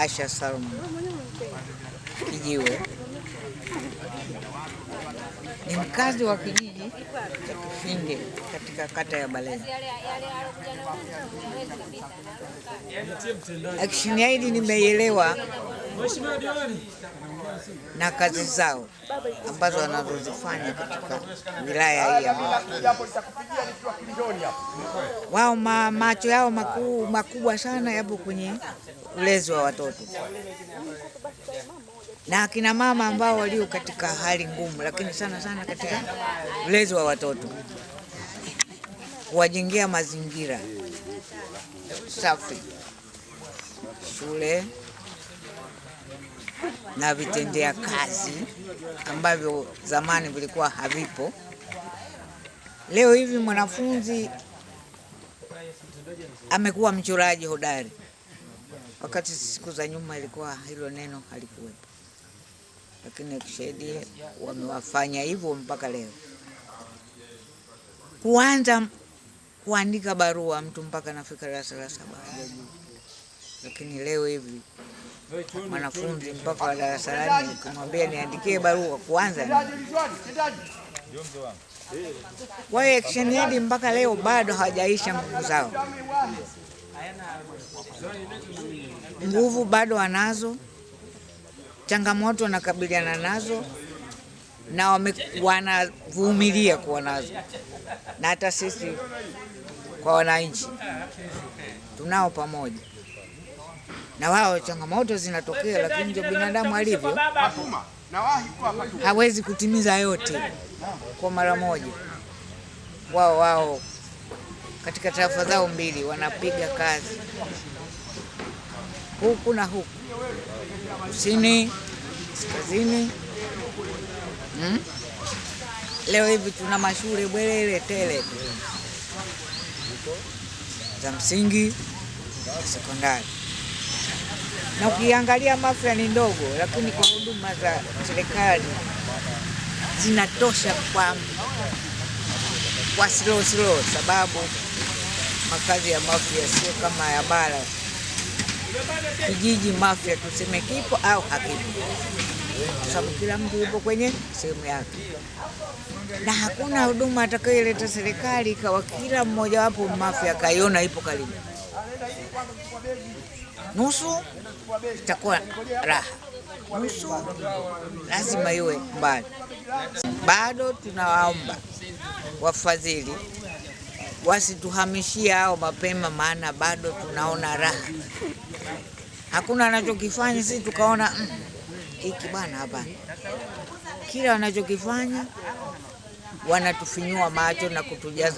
Asha Salum Kijiwe ni mkazi wa kijiji cha Kifinde katika kata ya Baleni. Action aidi nimeielewa na kazi zao ambazo wanazozifanya katika wilaya hii ya wao, macho yao makubwa sana yapo kwenye ulezi wa watoto na akina mama ambao walio katika hali ngumu, lakini sana sana katika ulezi wa watoto, kuwajengea mazingira safi, shule na vitendea kazi ambavyo zamani vilikuwa havipo. Leo hivi mwanafunzi amekuwa mchoraji hodari. Wakati siku za nyuma ilikuwa hilo neno halikuwepo, lakini akushahidie wamewafanya hivyo mpaka leo. Kuanza kuandika barua mtu mpaka nafika darasa la saba hajajua, lakini leo hivi mwanafunzi mpaka wa darasa la nne ukimwambia niandikie barua kuanza. Kwa hiyo mpaka leo bado hawajaisha nguvu zao nguvu bado anazo, changamoto wanakabiliana nazo na wanavumilia kuwa nazo, na hata sisi kwa wananchi tunao pamoja na wao. Changamoto zinatokea, lakini ndio binadamu alivyo, hawezi kutimiza yote kwa mara moja. Wao wao katika tarafa zao mbili, wanapiga kazi huku na huku, kusini, kaskazini. Hmm? Leo hivi tuna mashule bwelele tele za msingi na sekondari, na ukiangalia Mafia ni ndogo, lakini kwa huduma za serikali zinatosha kwa kwa slow slow sababu makazi ya Mafia, sio kama ya bara. Kijiji Mafia tuseme kipo au hakipo, kwa sababu kila mtu yupo kwenye sehemu yake, na hakuna huduma atakayoleta serikali ikawa kila mmojawapo Mafia akaiona ipo karibu nusu itakuwa raha, nusu lazima iwe mbali. Bado tunawaomba wafadhili wasituhamishie hao mapema, maana bado tunaona raha, hakuna anachokifanya. Sisi tukaona mm, hiki bwana hapa, kila wanachokifanya wanatufinyua macho na kutujaza